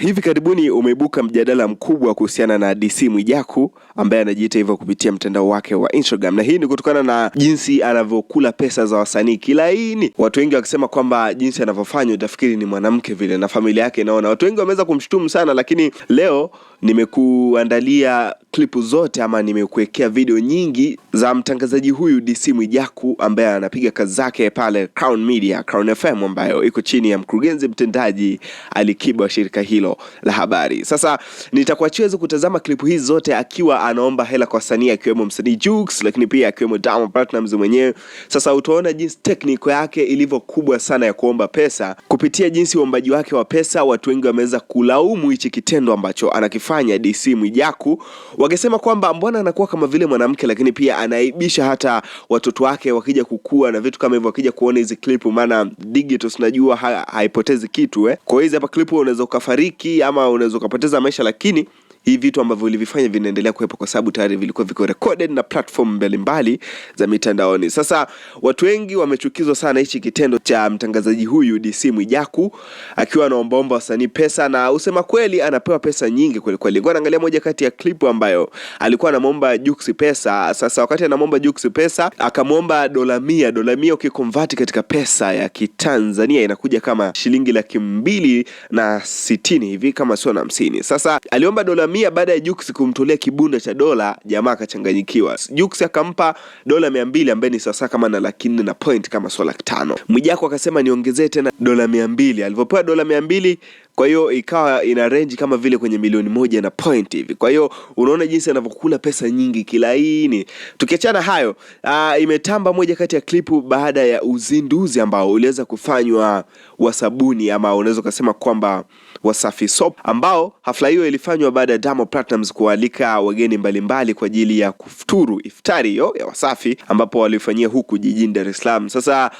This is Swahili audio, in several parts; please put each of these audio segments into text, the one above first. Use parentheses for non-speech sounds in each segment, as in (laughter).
Hivi karibuni umeibuka mjadala mkubwa kuhusiana na DC Mwijaku ambaye anajiita hivyo kupitia mtandao wake wa Instagram, na hii ni kutokana na jinsi anavyokula pesa za wasanii kilaini, watu wengi wakisema kwamba jinsi anavyofanya utafikiri ni mwanamke vile, na familia yake inaona. Watu wengi wameweza kumshutumu sana, lakini leo nimekuandalia klipu zote ama nimekuwekea video nyingi za mtangazaji huyu DC Mwijaku ambaye anapiga kazi zake pale Crown Media, Crown FM ambayo iko chini ya mkurugenzi mtendaji Ali wa shirika hilo la habari. Sasa nitakuachia weze kutazama klipu hizi zote akiwa anaomba hela kwa wasanii akiwemo msanii Jux, lakini pia akiwemo Diamond Platnumz mwenyewe. Sasa utaona jinsi tekniko yake ilivyo kubwa sana ya kuomba pesa. Kupitia jinsi uombaji wake wa pesa, watu wengi wameweza kulaumu hichi kitendo ambacho anakifanya alichokifanya DC Mwijaku, wakisema kwamba mbona anakuwa kama vile mwanamke, lakini pia anaibisha hata watoto wake wakija kukua na vitu kama hivyo, wakija kuona hizi klipu, maana digital tunajua ha haipotezi kitu eh. Kwa hiyo hizi hapa klipu unaweza ukafariki ama unaweza ukapoteza maisha, lakini hii vitu ambavyo ulivifanya vinaendelea kuwepo kwa sababu tayari vilikuwa viko recorded na platform mbalimbali za mitandaoni. Sasa watu wengi wamechukizwa sana hichi kitendo cha mtangazaji huyu DC Mwijaku akiwa anaombaomba wasanii pesa, na usema kweli anapewa pesa nyingi kweli kweli. Ngoja angalia moja kati ya clip ambayo alikuwa anamwomba Jux pesa. Sasa wakati anamwomba Jux pesa akamwomba dola mia. Dola mia ukikonvert katika pesa ya Kitanzania inakuja kama shilingi laki mbili na sitini hivi kama sio na hamsini. Sasa aliomba dola mia baada ya Jux kumtolea kibunda cha dola, jamaa akachanganyikiwa. Jux akampa dola mia mbili ambaye ni sawasawa kama na laki nne na point kama sio laki tano. Mwijaku akasema niongezee tena dola mia mbili. Alivyopewa dola mia mbili kwa hiyo ikawa ina range kama vile kwenye milioni moja na point hivi. Kwa hiyo unaona jinsi anavyokula pesa nyingi kilaini. Tukiachana hayo, uh, imetamba moja kati ya klipu baada ya uzinduzi ambao uliweza kufanywa wa sabuni ama unaweza ukasema kwamba wa Safi Soap ambao hafla hiyo ilifanywa baada ya Diamond Platnumz kualika wageni mbalimbali kwa ajili ya kufuturu iftari hiyo ya Wasafi ambapo walifanyia huku jijini Dar es Salaam. Sasa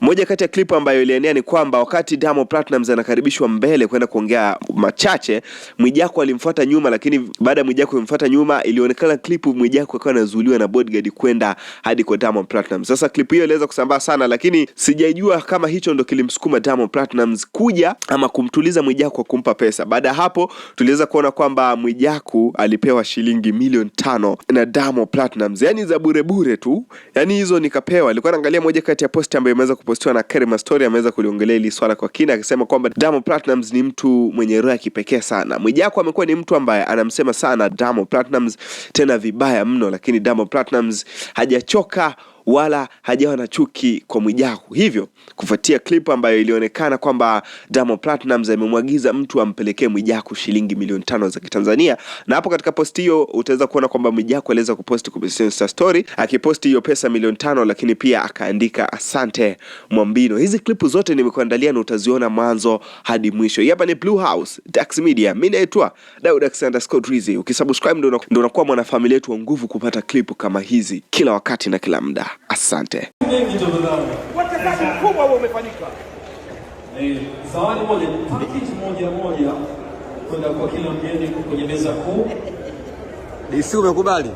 moja kati ya klipu ambayo ilienea ni kwamba wakati Diamond Platnumz anakaribishwa mbele kwenda kuongea machache, Mwijaku alimfuata nyuma, lakini baada ya Mwijaku kumfuata nyuma ilionekana klipu Mwijaku akawa anazuiliwa na bodyguard kwenda hadi kwa Diamond Platnumz. Sasa klipu hiyo iliweza kusambaa sana, lakini sijajua kama hicho ndo kilimsukuma Diamond Platnumz kuja ama kumtuliza Mwijaku kumpa pesa. Baada ya hapo tuliweza kuona kwamba Mwijaku alipewa shilingi milioni tano na Damo Platnumz, yani za burebure tu, yani hizo nikapewa. Alikuwa anaangalia moja kati ya posti ambayo imeweza kupostiwa na Kerima Story, ameweza kuliongelea hili swala kwa kina, akisema kwamba Damo Platnumz ni mtu mwenye roho ya kipekee sana. Mwijaku amekuwa ni mtu ambaye anamsema sana Damo Platnumz, tena vibaya mno, lakini Damo Platnumz hajachoka wala hajawa na chuki kwa Mwijaku. Hivyo kufuatia klipu ambayo ilionekana kwamba Diamond Platnumz amemwagiza mtu ampelekee Mwijaku shilingi milioni tano za Kitanzania, na hapo katika posti hiyo utaweza kuona kwamba Mwijaku aliweza kuposti kupitia Insta story akiposti hiyo pesa milioni tano, lakini pia akaandika asante Mwambino. Hizi klipu zote nimekuandalia na utaziona mwanzo hadi mwisho. Hii hapa ni Blue House Dax Media, mimi naitwa Daud Drizzy. Ukisubscribe ndio unakuwa mwanafamilia yetu wa nguvu kupata klipu kama hizi kila wakati na kila muda. Asante. Uwekezaji mkubwa huo umefanyika, zawadi moja pakiti moja moja kwenda kwa kila mgeni kwenye meza kuu. Isi umekubali?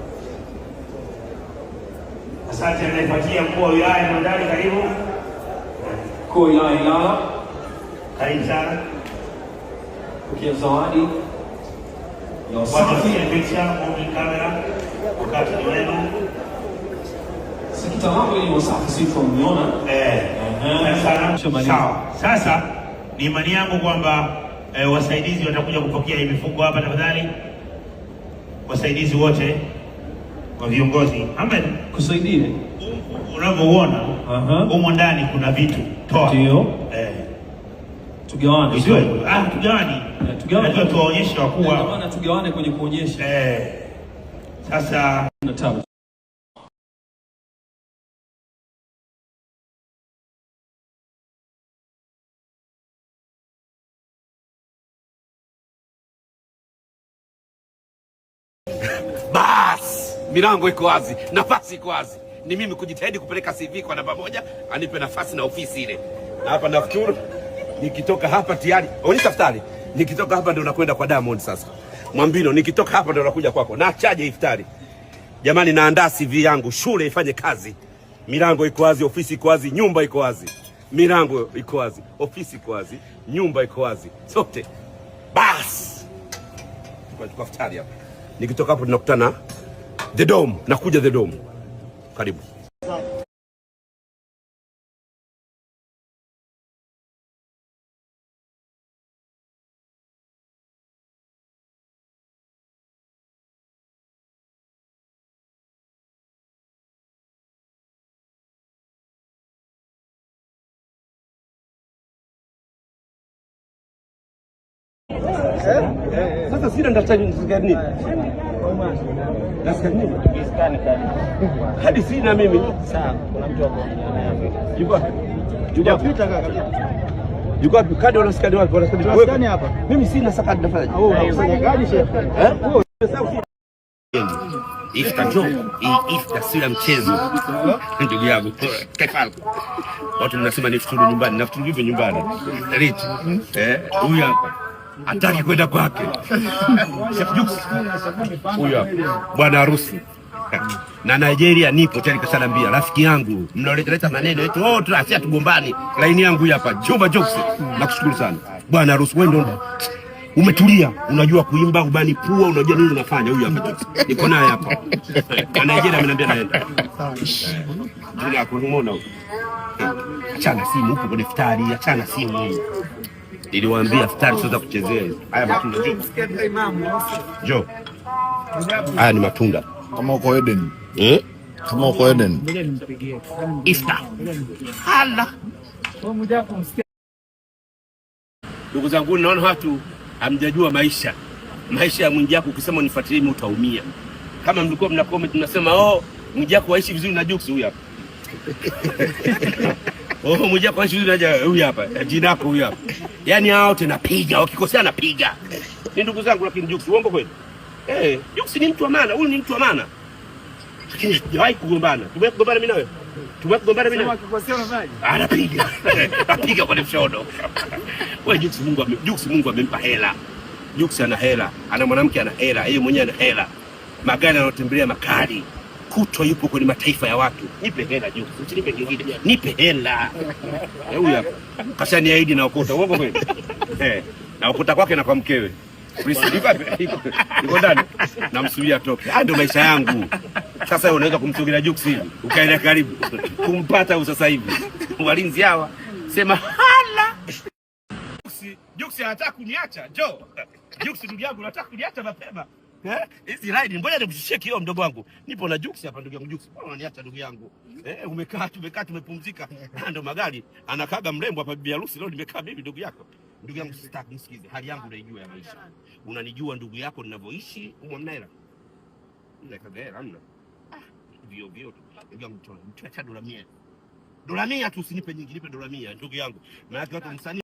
Asante. Anayefuatia mkuu wa wilaya Mondali, karibu. Mkuu wa wilaya Ilala, karibu sana. Pokea zawadi ya Kamera wakati ni wenu Tazama ile wasafi sifa umeona? Eh. eh, eh. Sawa. Sasa ni imani yangu kwamba eh, wasaidizi watakuja kupokea hii mifuko hapa tafadhali. Wasaidizi wote kwa viongozi. Amen. kusaidie. Unavyoona, humo ndani kuna vitu. Toa. Ndio. Eh. Tugawane. Ah, tugawane. Eh, tugawane. Tuwaonyeshe wakuu. Maana tugawane kwenye kuonyesha. Eh. Sasa Bas, milango iko wazi, nafasi iko wazi, ni mimi kujitahidi kupeleka CV kwa namba moja, anipe nafasi na ofisi ile. Na hapa nafikiri nikitoka hapa tayari, oni daftari, nikitoka hapa ndio nakwenda kwa Diamond sasa. Mwambino, nikitoka hapa ndo nakuja kwako, na chaje iftari. Jamani, naandaa CV yangu, shule ifanye kazi. Milango iko wazi, ofisi iko wazi, nyumba iko wazi. Milango iko wazi, ofisi iko wazi, nyumba iko wazi, sote Bas. Kwa, kwa hapa. Nikitoka hapo tunakutana The Dome, nakuja The Dome. Karibu. Eh? Eh, eh. Sasa sina siri ndatafuta nasikia nini? Nasikia nini? Hadi sina mimi. Sawa, kuna mtu wako. Yuko wapi? pita kaka. Yuko wapi? Kadi wala sikadi wapi? Wala sikadi wapi? Hapa. Mimi sina sasa kadi Oh, unakusanya kadi shehe. Eh? Ifta jo, ifta ya mchezo. Ndugu yangu, kefal. Watu mnasema nifuturu nyumbani, nafuturu vipi nyumbani? Rich. Hmm? Eh, huyu hapa hataki kwenda kwake. Chef Jux huyo bwana harusi na Nigeria nipo tayari kasalambia rafiki yangu, mnaleta maneno yetu oh, tuasia tugombani, laini yangu hapa Juma Jux, nakushukuru sana bwana harusi, wewe ndio umetulia unajua kuimba ubani pua, unajua nini unafanya. Huyu hapa niko naye hapa na Nigeria ameniambia naenda Sawa, juu ya kuona achana simu huko kwa daftari, achana simu Niliwaambia iftari tunaweza kuchezea hizi. Haya matunda jo, haya ni matunda kama uko Eden eh? kama uko Eden iftar. Hala, ndugu zangu, naona watu hamjajua maisha, maisha ya Mwijaku. Ukisema nifuatilie mimi utaumia. Kama mlikuwa mna comment mnasema oh, Mwijaku waishi vizuri na Jux, huyu hapa (laughs) oh, Mwijaku waishi vizuri na huyu hapa, jinako huyu hapa Yaani hao tena piga, wakikosea napiga. Ni ndugu zangu lakini Jux, uongo kweli? Eh, Jux ni mtu wa maana, huyu ni mtu wa maana. Lakini hatujawahi kugombana. Tumewahi kugombana mimi na wewe? Tumewahi kugombana mimi na wewe? Wakikosea Anapiga. (laughs) Anapiga kwa mshodo Wewe Jux, Mungu ame Jux, Mungu amempa hela. Jux ana hela, ana mwanamke ana hela, yeye mwenyewe ana hela. Magari anayotembelea makali kutwa yupo kwenye mataifa ya watu, nipe hela juu, usinipe kingine, nipe hela (laughs) eh, huyu hapa kashaniahidi na ukuta. Uongo kweli? (laughs) Eh, na ukuta kwake na kwa mkewe ndani, namsubiri atoke. Ndio maisha yangu sasa. Unaweza kumsugira Juksi hivi ukaenda karibu kumpata au sasa hivi walinzi hawa sema hala anataka kuniacha jo. ndugu yangu, nataka kuniacha mapema. Eh? Hizi ride mbona nikushishie kioo mdogo wangu. Nipo na Jux hapa ndugu yangu Jux. Bwana niacha ndugu yangu. Eh, umekaa tumekaa tumepumzika. (laughs) Ah, Ndio magari anakaga mrembo hapa bibi harusi leo nimekaa mimi ndugu yako. Ndugu yangu sita nisikize. Hali yangu unaijua ya maisha. Unanijua ndugu yako ninavyoishi umwa mnaela. Ile kaga era mna. Ah, bio bio. Ndugu yangu mtoa. acha dola 100. Dola 100 tu usinipe nyingi, nipe dola 100 ndugu yangu. Maana watu ah. msanii